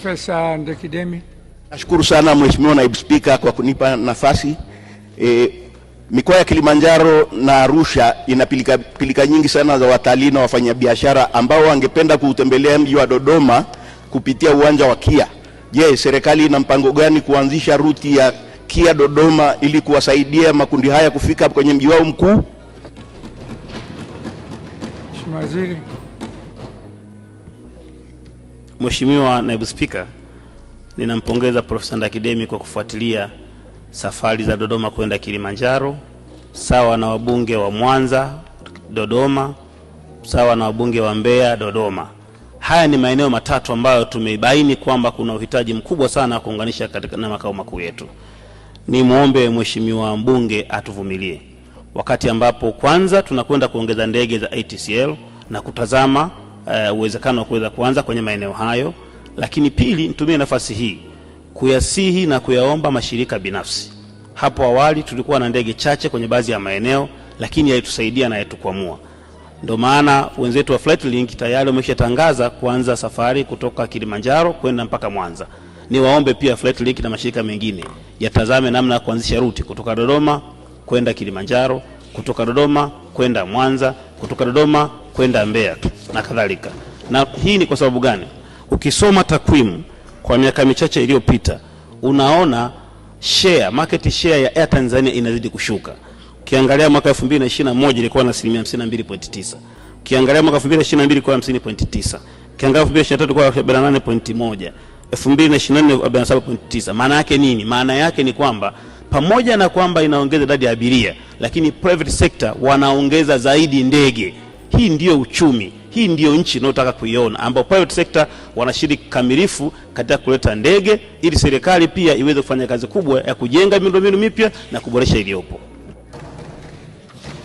Profesa Ndekidemi. Nashukuru sana Mheshimiwa Naibu Spika kwa kunipa nafasi e, mikoa ya Kilimanjaro na Arusha ina pilika, pilika nyingi sana za watalii na wafanyabiashara ambao wangependa kuutembelea mji wa Dodoma kupitia uwanja wa KIA. Je, serikali ina mpango gani kuanzisha ruti ya KIA Dodoma ili kuwasaidia makundi haya kufika kwenye mji wao mkuu? Mheshimiwa Waziri. Mheshimiwa Naibu Spika, ninampongeza Profesa Ndakidemi kwa kufuatilia safari za Dodoma kwenda Kilimanjaro sawa na wabunge wa Mwanza Dodoma, sawa na wabunge wa Mbeya Dodoma. Haya ni maeneo matatu ambayo tumeibaini kwamba kuna uhitaji mkubwa sana wa kuunganisha katika na makao makuu yetu. Ni muombe mheshimiwa mbunge atuvumilie wakati ambapo kwanza tunakwenda kuongeza ndege za ATCL na kutazama uh, uwezekano wa kuweza kuanza kwenye maeneo hayo. Lakini pili, nitumie nafasi hii kuyasihi na kuyaomba mashirika binafsi. Hapo awali tulikuwa na ndege chache kwenye baadhi ya maeneo, lakini yalitusaidia na yatukwamua. Ndio maana wenzetu wa Flightlink tayari wameshatangaza kuanza safari kutoka Kilimanjaro kwenda mpaka Mwanza. Niwaombe pia Flightlink na mashirika mengine yatazame namna ya kuanzisha ruti kutoka Dodoma kwenda Kilimanjaro, kutoka Dodoma kwenda Mwanza, kutoka Dodoma kwenda Mbeya na kadhalika. Na hii ni kwa sababu gani? Ukisoma takwimu kwa miaka michache iliyopita, unaona share, market share ya Air Tanzania inazidi kushuka. Ukiangalia mwaka 2021 ilikuwa na asilimia 52.9, ukiangalia mwaka 2022 ilikuwa 50.9, ukiangalia 2023 ilikuwa 48.1 2024 maana yake nini? Maana yake ni kwamba pamoja na kwamba inaongeza idadi ya abiria, lakini private sector wanaongeza zaidi ndege. Hii ndiyo uchumi, hii ndiyo nchi inayotaka kuiona, ambao private sector wanashiriki kamilifu katika kuleta ndege, ili serikali pia iweze kufanya kazi kubwa ya kujenga miundombinu mipya na kuboresha iliyopo.